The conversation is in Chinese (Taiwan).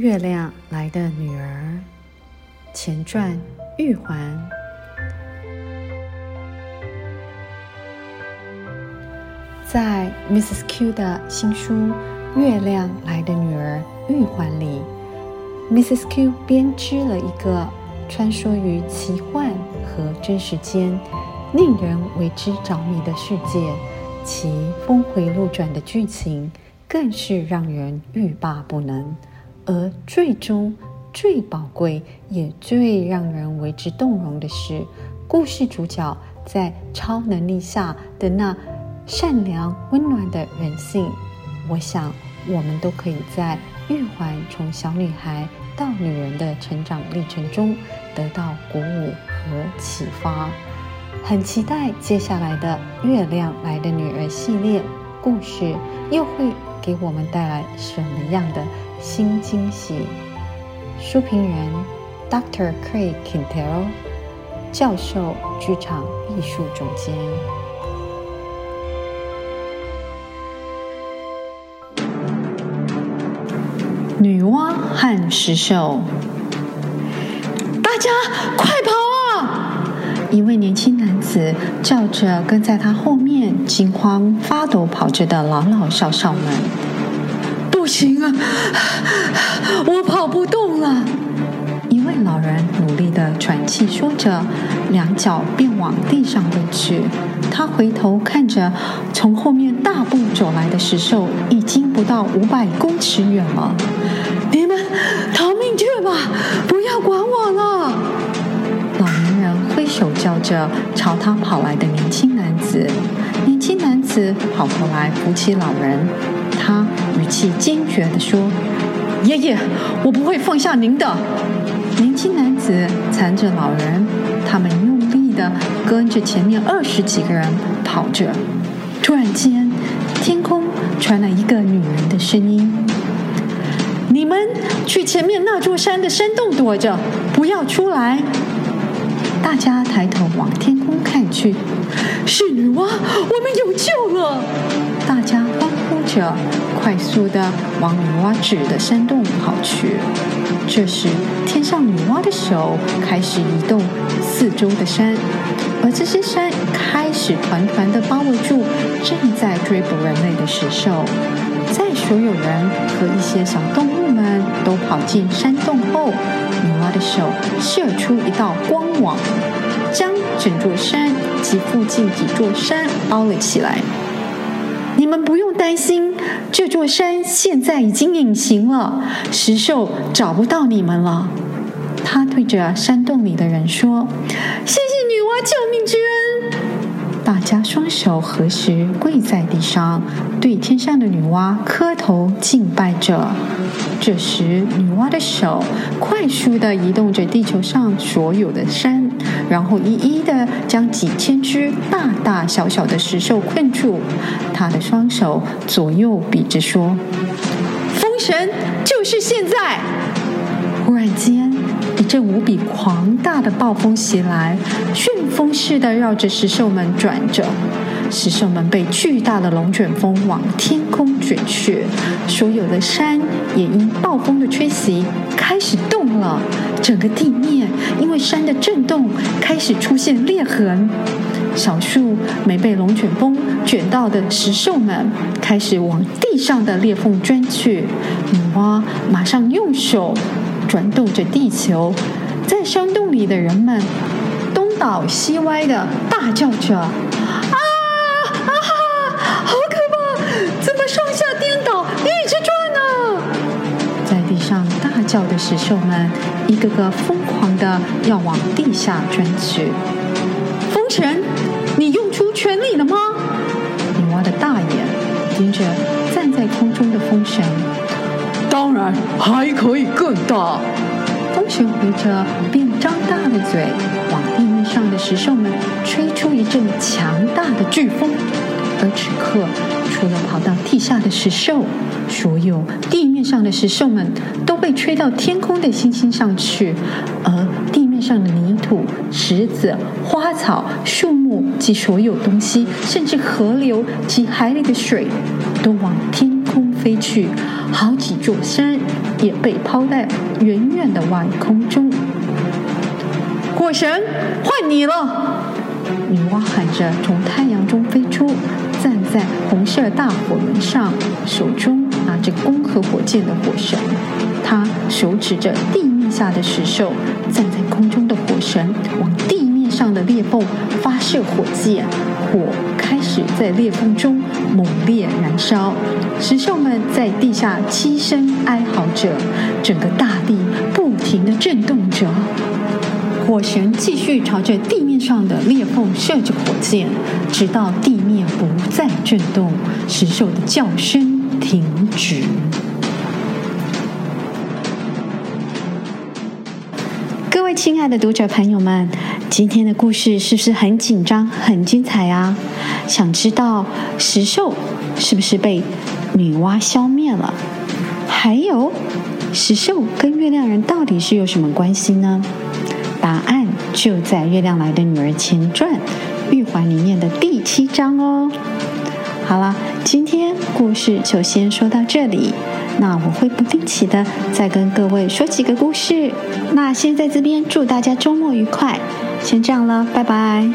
《月亮來的女兒》前傳《玉環》在 Mrs. Q 的新書《月亮來的女兒》《玉環》裡，Mrs. Q 編織了一個穿梭於奇幻和真實間、令人為之着迷的世界，其峰回路轉的劇情更是讓人欲罷不能。而最終，最寶貴也最讓人為之動容的是，故事主角在超能力下的那善良溫暖的人性。我想，我們都可以在玉環從小女孩到女人的成長歷程中得到鼓舞和啟發。很期待接下來的《月亮來的女兒》系列故事又會給我們帶來什麼樣的新驚喜，書評人 Dr. Craig Quintero 教授，劇場藝術總監。女媧和石獸，大家快跑啊！一位年輕男子叫着，跟在他後面驚慌發抖跑着的老老少少們。行啊，我跑不動了。一位老人努力地喘氣說着，兩腳便往地上奔去。他回頭看着從後面大步走來的石獸，已經不到五百公尺遠了。你們逃命去吧，不要管我了。老年人揮手叫着朝他跑來的年輕男子。年輕男子跑過來扶起老人，他。起堅決地說：“爺爺，我不會放下您的。”年輕男子攙着老人，他們用力地跟着前面二十幾個人跑着。突然間，天空傳來一個女人的聲音：“你們去前面那座山的山洞躲着，不要出來。”大家抬頭往天空看去，是女媧，我們有救了！大家歡呼着。快速地往女媧指的山洞跑去。這時，天上女媧的手開始移動，四周的山，而這些山開始團團地包圍住正在追捕人類的石獸。在所有人和一些小動物們都跑進山洞後，女媧的手射出一道光網，將整座山及附近幾座山包了起來。你們不用擔心，這座山現在已經隱形了，石獸找不到你們了。他對着山洞裡的人說：“謝謝女媧救命之恩。”大家雙手合十，跪在地上，對天上的女媧磕頭敬拜着。這時，女媧的手快速地移動着地球上所有的山。然後一一的將幾千隻大大小小的石獸困住，他的雙手左右比着說：“風神就是現在！”忽然間，一陣無比狂大的暴風襲來，旋風似的繞着石獸們轉着，石獸們被巨大的龍捲風往天空卷去，所有的山也因暴風的吹襲開始動了，整個地面。因為山的震動開始出現裂痕，少數沒被龍捲風捲到的石獸們開始往地上的裂縫鑽去。女媧馬上用手轉動着地球，在山洞裡的人們東倒西歪的大叫着：“啊啊！好可怕！怎麼上下顛倒，一直轉呢？”在地上大叫的石獸們一個個瘋。狂的要往地下鑽去。風神，你用出全力了嗎？女媧的大眼盯着站在空中的風神，當然還可以更大。風神回着便張大了嘴，往地面上的石獸們吹出一陣強大的颶風，而此刻。除了跑到地下的石獸，所有地面上的石獸們都被吹到天空的星星上去，而地面上的泥土、石子、花草、樹木及所有東西，甚至河流及海裡的水，都往天空飛去。好幾座山也被拋在遠遠的外空中。火神，換你了！女媧喊着，從太陽中飛出。在紅色大火輪上，手中拿着弓和火箭的火神，他手指着地面下的石獸，站在空中的火神往地面上的裂縫發射火箭，火開始在裂縫中猛烈燃燒，石獸們在地下淒聲哀嚎着，整個大地不停地震動着。火神繼續朝着地面上的裂縫射着火箭，直到地面不再震動，石獸的叫聲停止。各位親愛的讀者朋友們，今天的故事是不是很緊張、很精彩啊？想知道石獸是不是被女媧消滅了？還有，石獸跟月亮人到底是有什麼關係呢？答案就在《月亮來的女兒》前傳《玉環》裡面的第七章哦。好了，今天故事就先說到這裡，那我會不定期的再跟各位說幾個故事。那先在這邊祝大家週末愉快，先這樣了，拜拜。